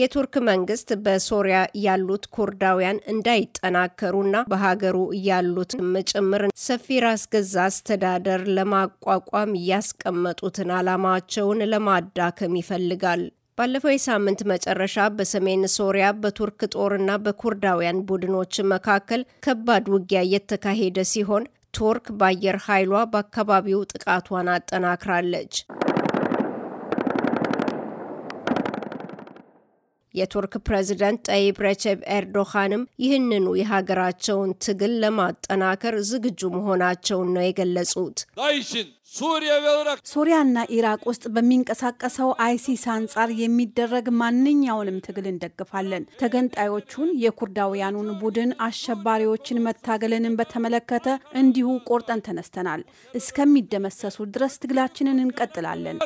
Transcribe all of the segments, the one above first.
የቱርክ መንግስት በሶሪያ ያሉት ኩርዳውያን እንዳይጠናከሩና በሀገሩ ያሉትም ጭምር ሰፊ ራስ ገዛ አስተዳደር ለማቋቋም እያስቀመጡትን አላማቸውን ለማዳከም ይፈልጋል። ባለፈው የሳምንት መጨረሻ በሰሜን ሶሪያ በቱርክ ጦርና በኩርዳውያን ቡድኖች መካከል ከባድ ውጊያ እየተካሄደ ሲሆን ቱርክ በአየር ኃይሏ በአካባቢው ጥቃቷን አጠናክራለች። የቱርክ ፕሬዝደንት ጠይብ ረቼብ ኤርዶሃንም ይህንኑ የሀገራቸውን ትግል ለማጠናከር ዝግጁ መሆናቸውን ነው የገለጹት። ሱሪያና ኢራቅ ውስጥ በሚንቀሳቀሰው አይሲስ አንጻር የሚደረግ ማንኛውንም ትግል እንደግፋለን። ተገንጣዮቹን የኩርዳውያኑን ቡድን አሸባሪዎችን መታገልን በተመለከተ እንዲሁ ቆርጠን ተነስተናል። እስከሚደመሰሱ ድረስ ትግላችንን እንቀጥላለን።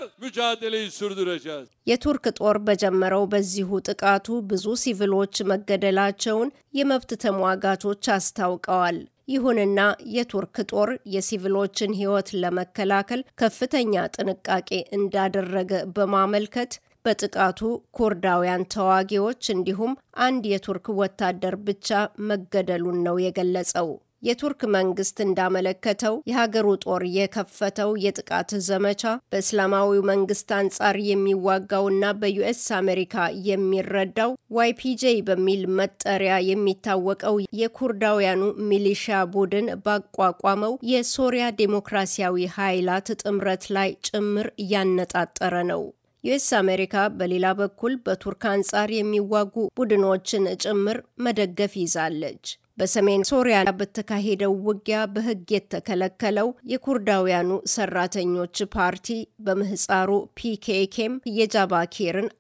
የቱርክ ጦር በጀመረው በዚሁ ጥቃቱ ብዙ ሲቪሎች መገደላቸውን የመብት ተሟጋቾች አስታውቀዋል። ይሁንና የቱርክ ጦር የሲቪሎችን ሕይወት ለመከላከል ከፍተኛ ጥንቃቄ እንዳደረገ በማመልከት በጥቃቱ ኩርዳውያን ተዋጊዎች እንዲሁም አንድ የቱርክ ወታደር ብቻ መገደሉን ነው የገለጸው። የቱርክ መንግስት እንዳመለከተው የሀገሩ ጦር የከፈተው የጥቃት ዘመቻ በእስላማዊው መንግስት አንጻር የሚዋጋውና በዩኤስ አሜሪካ የሚረዳው ዋይፒጄ በሚል መጠሪያ የሚታወቀው የኩርዳውያኑ ሚሊሻ ቡድን ባቋቋመው የሶሪያ ዴሞክራሲያዊ ኃይላት ጥምረት ላይ ጭምር እያነጣጠረ ነው። ዩኤስ አሜሪካ በሌላ በኩል በቱርክ አንጻር የሚዋጉ ቡድኖችን ጭምር መደገፍ ይዛለች። በሰሜን ሶሪያ በተካሄደው ውጊያ በሕግ የተከለከለው የኩርዳውያኑ ሰራተኞች ፓርቲ በምህፃሩ ፒኬኬም የጃባ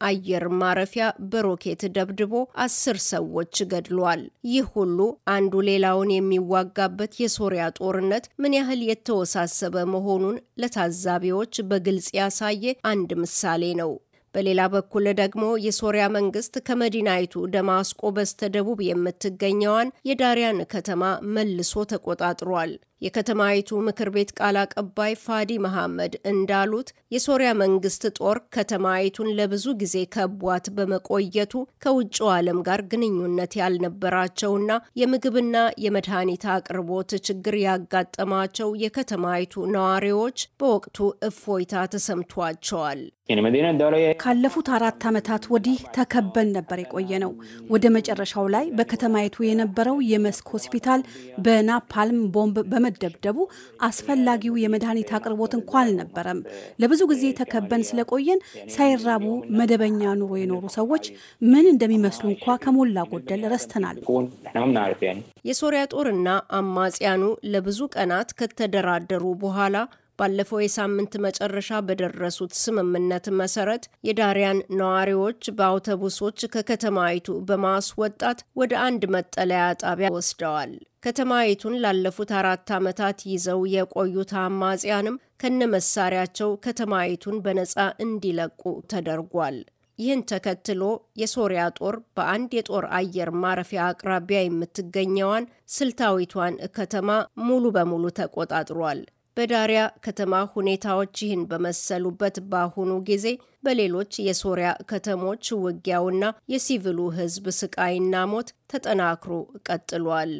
አየር ማረፊያ በሮኬት ደብድቦ አስር ሰዎች ገድሏል። ይህ ሁሉ አንዱ ሌላውን የሚዋጋበት የሶሪያ ጦርነት ምን ያህል የተወሳሰበ መሆኑን ለታዛቢዎች በግልጽ ያሳየ አንድ ምሳሌ ነው። በሌላ በኩል ደግሞ የሶሪያ መንግስት ከመዲናይቱ ደማስቆ በስተደቡብ የምትገኘዋን የዳሪያን ከተማ መልሶ ተቆጣጥሯል። የከተማይቱ ምክር ቤት ቃል አቀባይ ፋዲ መሐመድ እንዳሉት የሶሪያ መንግስት ጦር ከተማይቱን ለብዙ ጊዜ ከቧት በመቆየቱ ከውጭው ዓለም ጋር ግንኙነት ያልነበራቸውና የምግብና የመድኃኒት አቅርቦት ችግር ያጋጠማቸው የከተማይቱ ነዋሪዎች በወቅቱ እፎይታ ተሰምቷቸዋል። ካለፉት አራት ዓመታት ወዲህ ተከበን ነበር የቆየ ነው። ወደ መጨረሻው ላይ በከተማይቱ የነበረው የመስክ ሆስፒታል በናፓልም ቦምብ በመ በመደብደቡ አስፈላጊው የመድኃኒት አቅርቦት እንኳ አልነበረም። ለብዙ ጊዜ ተከበን ስለቆየን ሳይራቡ መደበኛ ኑሮ የኖሩ ሰዎች ምን እንደሚመስሉ እንኳ ከሞላ ጎደል ረስተናል። የሶሪያ ጦርና አማጽያኑ ለብዙ ቀናት ከተደራደሩ በኋላ ባለፈው የሳምንት መጨረሻ በደረሱት ስምምነት መሰረት የዳሪያን ነዋሪዎች በአውቶቡሶች ከከተማይቱ በማስወጣት ወደ አንድ መጠለያ ጣቢያ ወስደዋል። ከተማይቱን ላለፉት አራት ዓመታት ይዘው የቆዩት አማጽያንም ከነመሳሪያቸው ከተማይቱን በነፃ እንዲለቁ ተደርጓል። ይህን ተከትሎ የሶሪያ ጦር በአንድ የጦር አየር ማረፊያ አቅራቢያ የምትገኘዋን ስልታዊቷን ከተማ ሙሉ በሙሉ ተቆጣጥሯል። በዳሪያ ከተማ ሁኔታዎች ይህን በመሰሉበት በአሁኑ ጊዜ በሌሎች የሶሪያ ከተሞች ውጊያውና የሲቪሉ ሕዝብ ስቃይና ሞት ተጠናክሮ ቀጥሏል።